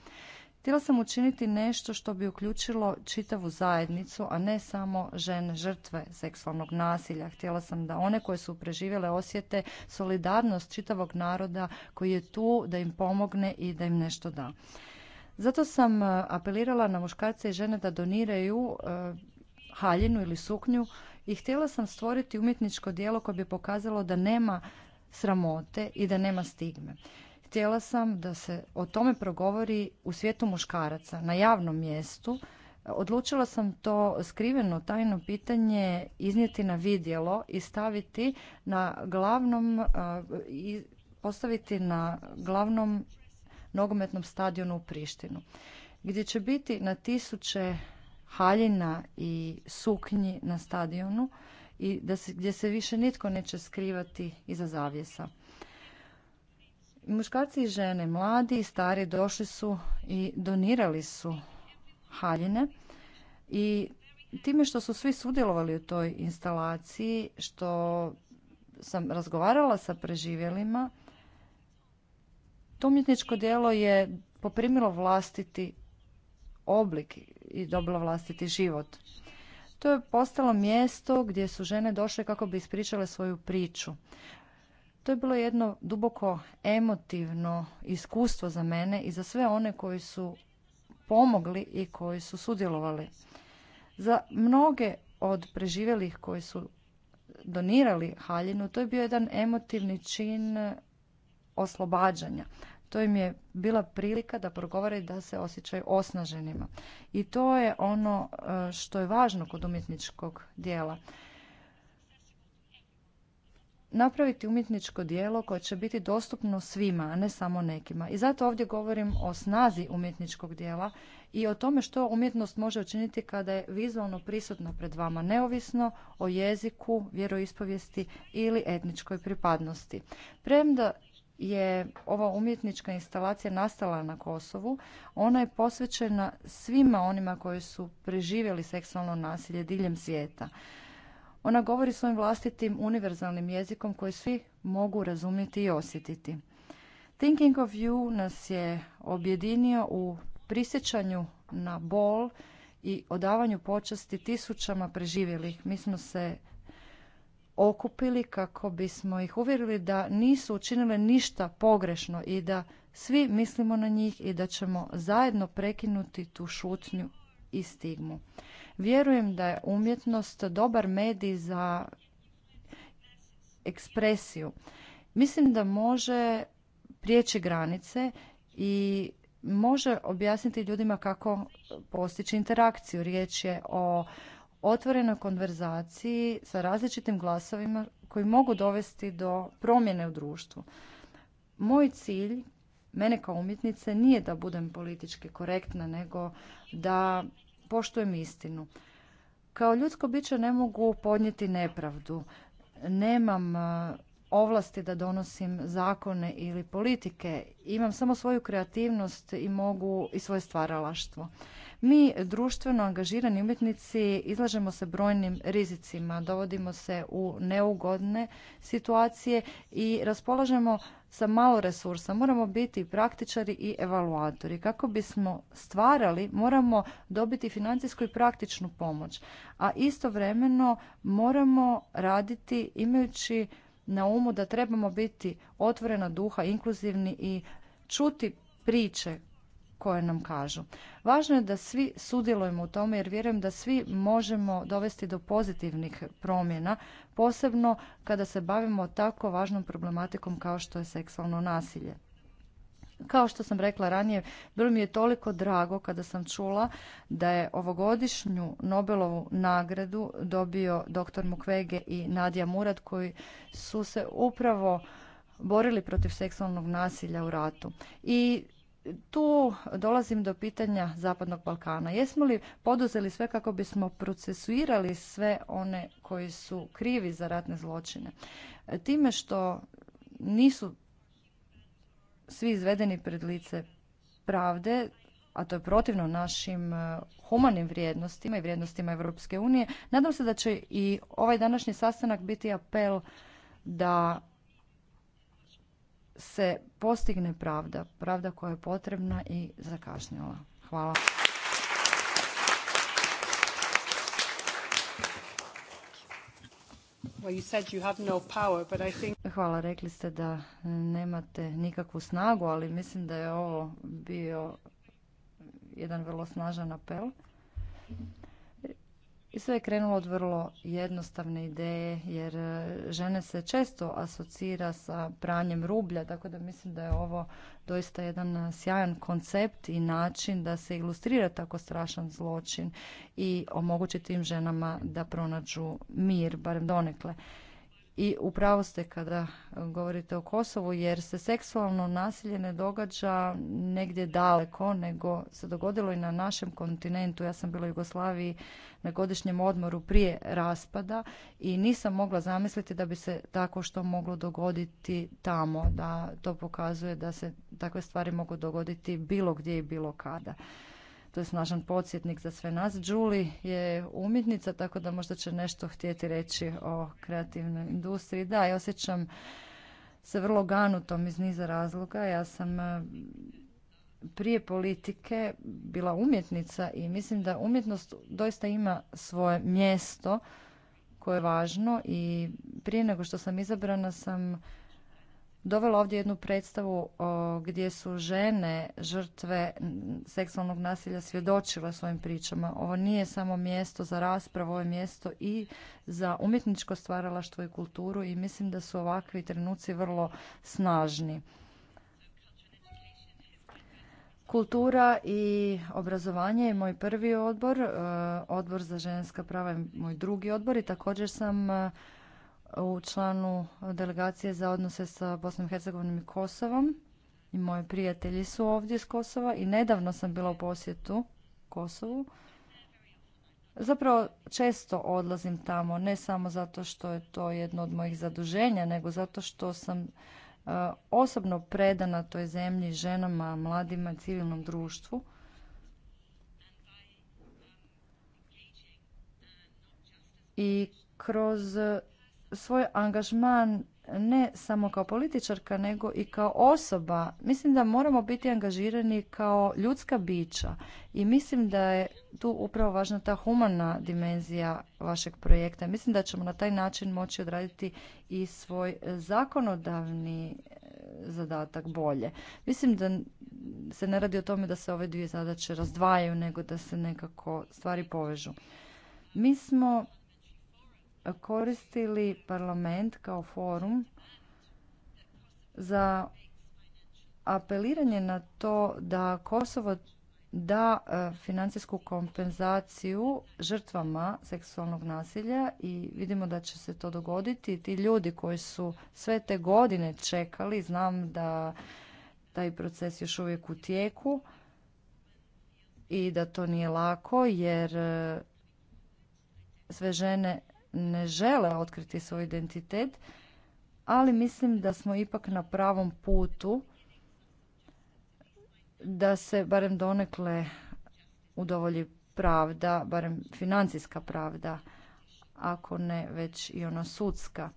Htjela sam učiniti nešto što bi uključilo čitavu zajednicu, a ne samo žene žrtve seksualnog nasilja. Htjela sam da one koje su preživjele osjete solidarnost čitavog naroda koji je tu da im pomogne i da im nešto da. Zato sam e, apelirala na muškarce i žene da doniraju e, haljinu ili suknju i htjela sam stvoriti umjetničko djelo koje bi pokazalo da nema sramote i da nema stigme htjela sam da se o tome progovori u svijetu muškaraca, na javnom mjestu. Odlučila sam to skriveno tajno pitanje iznijeti na vidjelo i staviti na glavnom postaviti na glavnom nogometnom stadionu u Prištinu gdje će biti na tisuće haljina i suknji na stadionu i da se, gdje se više nitko neće skrivati iza zavjesa. Muškarci i žene, mladi i stari, došli su i donirali su haljine i time što su svi sudjelovali u toj instalaciji, što sam razgovarala sa preživjelima, to umjetničko djelo je poprimilo vlastiti oblik i dobilo vlastiti život. To je postalo mjesto gdje su žene došle kako bi ispričale svoju priču. To je bilo jedno duboko emotivno iskustvo za mene i za sve one koji su pomogli i koji su sudjelovali. Za mnoge od preživjelih koji su donirali haljinu, to je bio jedan emotivni čin oslobađanja. To im je bila prilika da progovore da se osjećaju osnaženima. I to je ono e, što je važno kod umjetničkog dijela napraviti umjetničko dijelo koje će biti dostupno svima, a ne samo nekima. I zato ovdje govorim o snazi umjetničkog dijela i o tome što umjetnost može učiniti kada je vizualno prisutna pred vama, neovisno o jeziku, vjeroispovijesti ili etničkoj pripadnosti. Premda je ova umjetnička instalacija nastala na Kosovu, ona je posvećena svima onima koji su preživjeli seksualno nasilje diljem svijeta. Ona govori svojim vlastitim univerzalnim jezikom koji svi mogu razumjeti i osjetiti. Thinking of You nas je objedinio u prisjećanju na bol i odavanju počasti tisućama preživjelih. Mi smo se okupili kako bismo ih uvjerili da nisu učinile ništa pogrešno i da svi mislimo na njih i da ćemo zajedno prekinuti tu šutnju i stigmu. Vjerujem da je umjetnost dobar medij za ekspresiju. Mislim da može prijeći granice i može objasniti ljudima kako postići interakciju. Riječ je o otvorenoj konverzaciji sa različitim glasovima koji mogu dovesti do promjene u društvu. Moj cilj mene kao umjetnice nije da budem politički korektna, nego da poštujem istinu. Kao ljudsko biće ne mogu podnijeti nepravdu. Nemam e, ovlasti da donosim zakone ili politike. Imam samo svoju kreativnost i mogu i svoje stvaralaštvo. Mi, društveno angažirani umjetnici, izlažemo se brojnim rizicima, dovodimo se u neugodne situacije i raspolažemo sa malo resursa. Moramo biti praktičari i evaluatori. Kako bismo stvarali, moramo dobiti financijsku i praktičnu pomoć. A istovremeno moramo raditi imajući na umu da trebamo biti otvorena duha, inkluzivni i čuti priče koje nam kažu. Važno je da svi sudjelujemo u tome jer vjerujem da svi možemo dovesti do pozitivnih promjena, posebno kada se bavimo tako važnom problematikom kao što je seksualno nasilje. Kao što sam rekla ranije, bilo mi je toliko drago kada sam čula da je ovogodišnju Nobelovu nagradu dobio dr. Mukwege i Nadija Murad koji su se upravo borili protiv seksualnog nasilja u ratu. I tu dolazim do pitanja Zapadnog Balkana. Jesmo li poduzeli sve kako bismo procesuirali sve one koji su krivi za ratne zločine? Time što nisu svi izvedeni pred lice pravde, a to je protivno našim e, humanim vrijednostima i vrijednostima Europske unije, nadam se da će i ovaj današnji sastanak biti apel da se postigne pravda, pravda koja je potrebna i zakašnjela. Hvala. Hvala, rekli ste da nemate nikakvu snagu, ali mislim da je ovo bio jedan vrlo snažan apel. I sve je krenulo od vrlo jednostavne ideje jer e, žene se često asocira sa pranjem rublja, tako da mislim da je ovo doista jedan e, sjajan koncept i način da se ilustrira tako strašan zločin i omogući tim ženama da pronađu mir, barem donekle i upravo ste kada govorite o Kosovu jer se seksualno nasilje ne događa negdje daleko nego se dogodilo i na našem kontinentu. Ja sam bila u Jugoslaviji na godišnjem odmoru prije raspada i nisam mogla zamisliti da bi se tako što moglo dogoditi tamo. Da to pokazuje da se takve stvari mogu dogoditi bilo gdje i bilo kada to je snažan podsjetnik za sve nas. Julie je umjetnica, tako da možda će nešto htjeti reći o kreativnoj industriji. Da, ja osjećam se vrlo ganutom iz niza razloga. Ja sam e, prije politike bila umjetnica i mislim da umjetnost doista ima svoje mjesto koje je važno i prije nego što sam izabrana sam dovela ovdje jednu predstavu gdje su žene žrtve seksualnog nasilja svjedočile svojim pričama. Ovo nije samo mjesto za raspravu, ovo je mjesto i za umjetničko stvaralaštvo i kulturu i mislim da su ovakvi trenuci vrlo snažni. Kultura i obrazovanje je moj prvi odbor, e, odbor za ženska prava je moj drugi odbor i također sam e, u članu delegacije za odnose sa Bosnom i Hercegovinom i Kosovom i moji prijatelji su ovdje iz Kosova i nedavno sam bila u posjetu Kosovu. Zapravo često odlazim tamo, ne samo zato što je to jedno od mojih zaduženja, nego zato što sam e, osobno predana toj zemlji, ženama, mladima, civilnom društvu. I kroz svoj angažman ne samo kao političarka nego i kao osoba. Mislim da moramo biti angažirani kao ljudska bića i mislim da je tu upravo važna ta humana dimenzija vašeg projekta. Mislim da ćemo na taj način moći odraditi i svoj zakonodavni e, zadatak bolje. Mislim da se ne radi o tome da se ove dvije zadaće razdvajaju nego da se nekako stvari povežu. Mi smo koristili parlament kao forum za apeliranje na to da Kosovo da e, financijsku kompenzaciju žrtvama seksualnog nasilja i vidimo da će se to dogoditi. Ti ljudi koji su sve te godine čekali, znam da taj proces još uvijek u tijeku i da to nije lako jer e, sve žene ne žele otkriti svoj identitet, ali mislim da smo ipak na pravom putu da se barem donekle udovolji pravda, barem financijska pravda, ako ne već i ona sudska.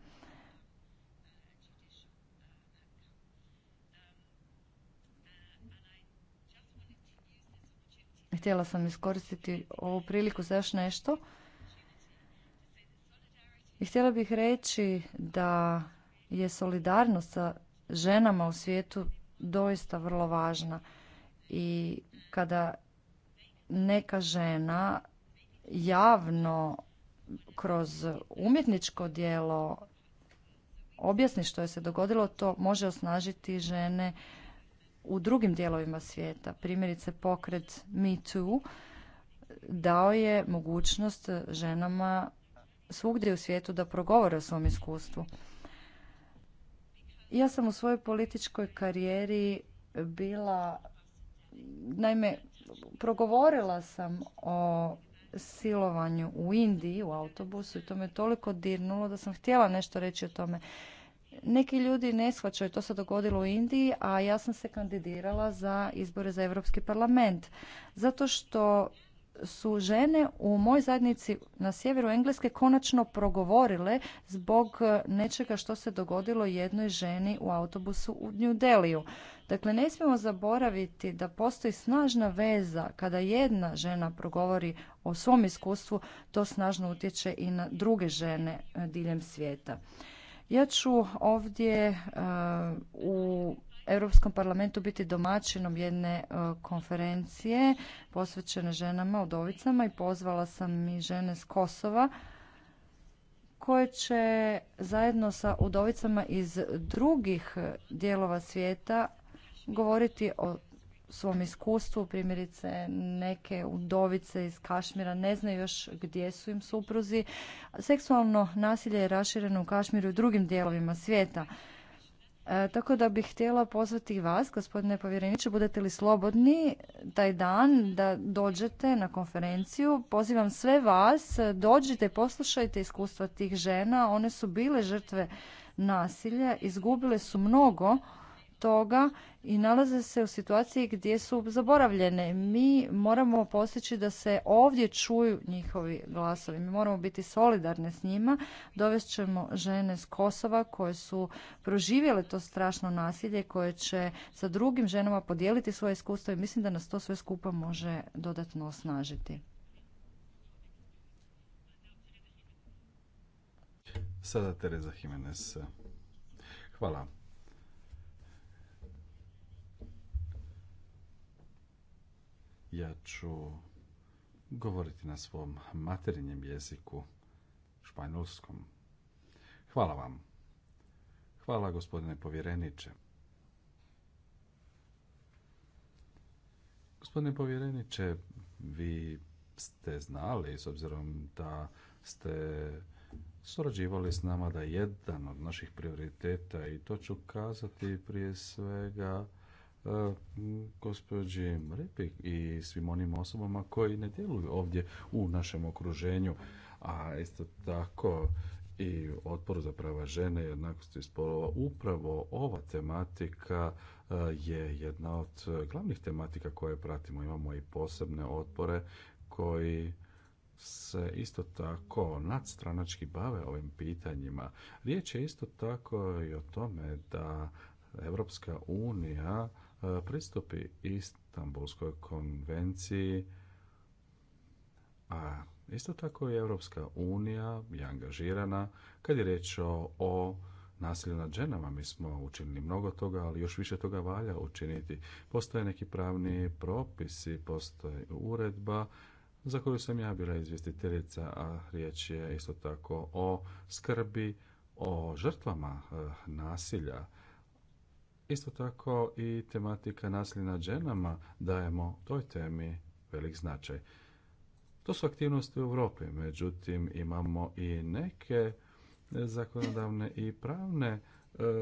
Htjela sam iskoristiti ovu priliku za još nešto. I htjela bih reći da je solidarnost sa ženama u svijetu doista vrlo važna i kada neka žena javno kroz umjetničko djelo objasni što je se dogodilo, to može osnažiti žene u drugim dijelovima svijeta. Primjerice pokret Me Too dao je mogućnost ženama svugdje u svijetu da progovore o svom iskustvu. Ja sam u svojoj političkoj karijeri bila, naime, progovorila sam o silovanju u Indiji u autobusu i to me toliko dirnulo da sam htjela nešto reći o tome. Neki ljudi ne shvaćaju, to se dogodilo u Indiji, a ja sam se kandidirala za izbore za Europski parlament. Zato što su žene u moj zajednici na sjeveru Engleske konačno progovorile zbog e, nečega što se dogodilo jednoj ženi u autobusu u New Deliju. Dakle, ne smijemo zaboraviti da postoji snažna veza kada jedna žena progovori o svom iskustvu, to snažno utječe i na druge žene e, diljem svijeta. Ja ću ovdje e, u Europskom parlamentu biti domaćinom jedne e, konferencije posvećene ženama, udovicama i pozvala sam i žene s Kosova koje će zajedno sa udovicama iz drugih dijelova svijeta govoriti o svom iskustvu, primjerice neke udovice iz Kašmira ne znaju još gdje su im supruzi. Seksualno nasilje je rašireno u Kašmiru i drugim dijelovima svijeta. E, tako da bih htjela pozvati vas, gospodine povjereniče, budete li slobodni taj dan da dođete na konferenciju. Pozivam sve vas, dođite, poslušajte iskustva tih žena. One su bile žrtve nasilja, izgubile su mnogo, toga i nalaze se u situaciji gdje su zaboravljene. Mi moramo postići da se ovdje čuju njihovi glasovi. Mi moramo biti solidarne s njima. Dovest ćemo žene s Kosova koje su proživjele to strašno nasilje koje će sa drugim ženama podijeliti svoje iskustvo i mislim da nas to sve skupa može dodatno osnažiti. Sada Tereza Jimenez. Hvala. ja ću govoriti na svom materinjem jeziku, španjolskom. Hvala vam. Hvala, gospodine povjereniče. Gospodine povjereniče, vi ste znali, s obzirom da ste surađivali s nama, da je jedan od naših prioriteta, i to ću kazati prije svega, E, gospođi Ripik i svim onim osobama koji ne djeluju ovdje u našem okruženju, a isto tako i Otporu za prava žene i jednakosti spolova. Upravo ova tematika e, je jedna od glavnih tematika koje pratimo. Imamo i posebne otpore koji se isto tako nadstranački bave ovim pitanjima. Riječ je isto tako i o tome da Evropska unija E, pristupi Istanbulskoj konvenciji, a isto tako i Europska unija je angažirana kad je riječ o nasilju nad ženama. Mi smo učinili mnogo toga, ali još više toga valja učiniti. Postoje neki pravni propisi, postoje uredba za koju sam ja bila izvjestiteljica, a riječ je isto tako o skrbi o žrtvama e, nasilja Isto tako i tematika nasilja nad ženama dajemo toj temi velik značaj. To su aktivnosti u Europi, međutim imamo i neke zakonodavne i pravne e,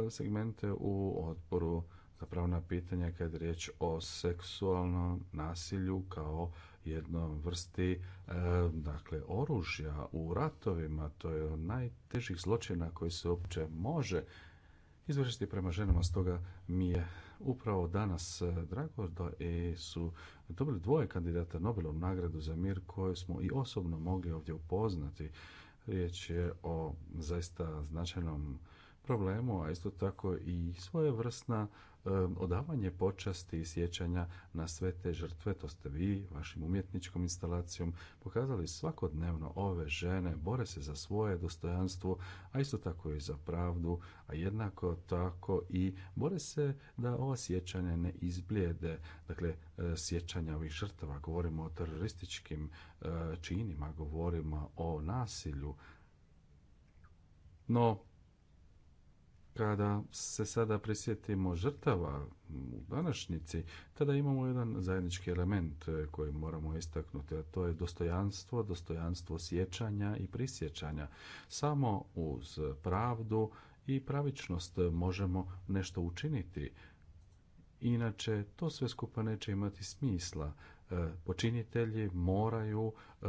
segmente u odboru za pravna pitanja kad je riječ o seksualnom nasilju kao jednom vrsti e, dakle oružja u ratovima to je od najtežih zločina koji se uopće može izvršiti prema ženama. Stoga mi je upravo danas e, drago da su dobili dvoje kandidata Nobelovu nagradu za mir koju smo i osobno mogli ovdje upoznati. Riječ je o zaista značajnom problemu, a isto tako i svoje svojevrsna odavanje počasti i sjećanja na sve te žrtve, to ste vi vašim umjetničkom instalacijom pokazali svakodnevno ove žene bore se za svoje dostojanstvo, a isto tako i za pravdu, a jednako tako i bore se da ova sjećanja ne izblijede, dakle e, sjećanja ovih žrtava, govorimo o terorističkim e, činima, govorimo o nasilju, no kada se sada prisjetimo žrtava u današnjici, tada imamo jedan zajednički element eh, koji moramo istaknuti, a to je dostojanstvo, dostojanstvo sjećanja i prisjećanja. Samo uz pravdu i pravičnost možemo nešto učiniti. Inače, to sve skupa neće imati smisla eh, počinitelji moraju eh,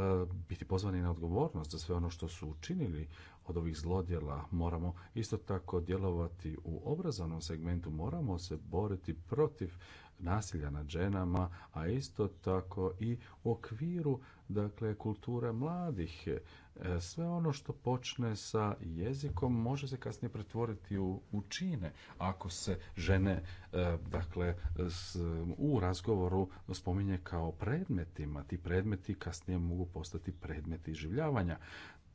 biti pozvani na odgovornost za sve ono što su učinili od ovih zlodjela. Moramo isto tako djelovati u obrazovnom segmentu, moramo se boriti protiv nasilja nad ženama, a isto tako i u okviru dakle kulture mladih. E, sve ono što počne sa jezikom može se kasnije pretvoriti u učine ako se žene e, dakle u razgovoru spominje kao predmetima. Ti predmeti kasnije mogu postati predmeti življavanja.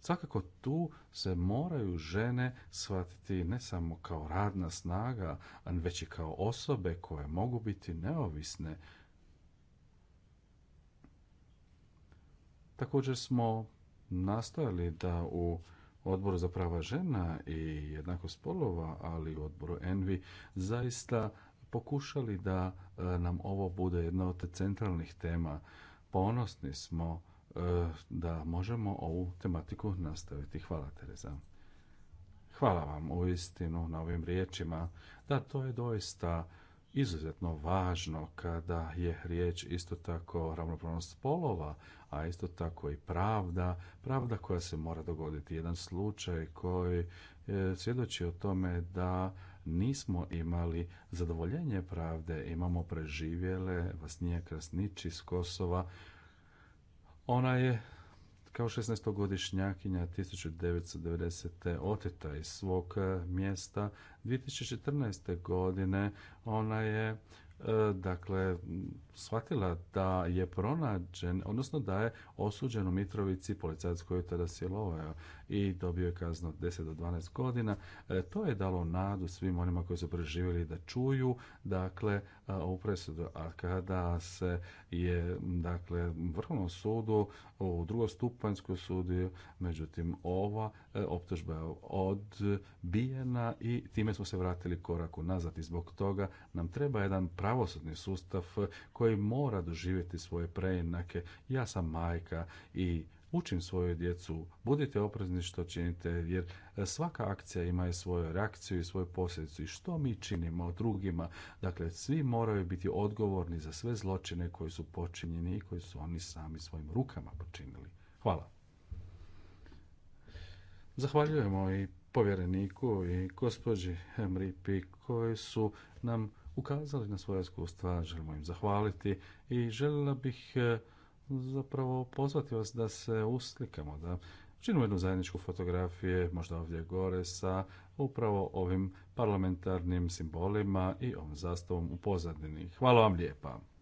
Svakako tu se moraju žene shvatiti ne samo kao radna snaga, već i kao osobe koje mogu biti neovisne. Također smo nastojali da u odboru za prava žena i jednako spolova, ali i odboru Envi, zaista pokušali da e, nam ovo bude jedna od centralnih tema. Ponosni smo E, da možemo ovu tematiku nastaviti. Hvala Tereza. Hvala vam u istinu na ovim riječima. Da, to je doista izuzetno važno kada je riječ isto tako ravnopravnost polova, a isto tako i pravda, pravda koja se mora dogoditi. Jedan slučaj koji e, svjedoči o tome da nismo imali zadovoljenje pravde, imamo preživjele vas nije krasniči iz Kosova ona je kao 16-godišnjakinja 1990. oteta iz svog e, mjesta. 2014. godine ona je e, dakle shvatila da je pronađen, odnosno da je osuđen u Mitrovici policajac koji je tada silovao i dobio je kaznu 10 do 12 godina. E, to je dalo nadu svim onima koji su preživjeli da čuju dakle u presudu. A kada se je dakle Vrhovnom sudu u drugostupanjskom sudu, međutim ova e, optužba je odbijena i time smo se vratili korak unazad i zbog toga nam treba jedan pravosudni sustav koji koji mora doživjeti svoje preinake. Ja sam majka i učim svoju djecu, budite oprezni što činite, jer e, svaka akcija ima svoju reakciju i svoju posljedicu i što mi činimo drugima. Dakle, svi moraju biti odgovorni za sve zločine koji su počinjeni i koji su oni sami svojim rukama počinili. Hvala. Zahvaljujemo i povjereniku i gospođi Emri koji su nam ukazali na svoja iskustva, želimo im zahvaliti i željela bih e, zapravo pozvati vas da se uslikamo, da činimo jednu zajedničku fotografiju, možda ovdje gore, sa upravo ovim parlamentarnim simbolima i ovom zastavom u pozadini. Hvala vam lijepa.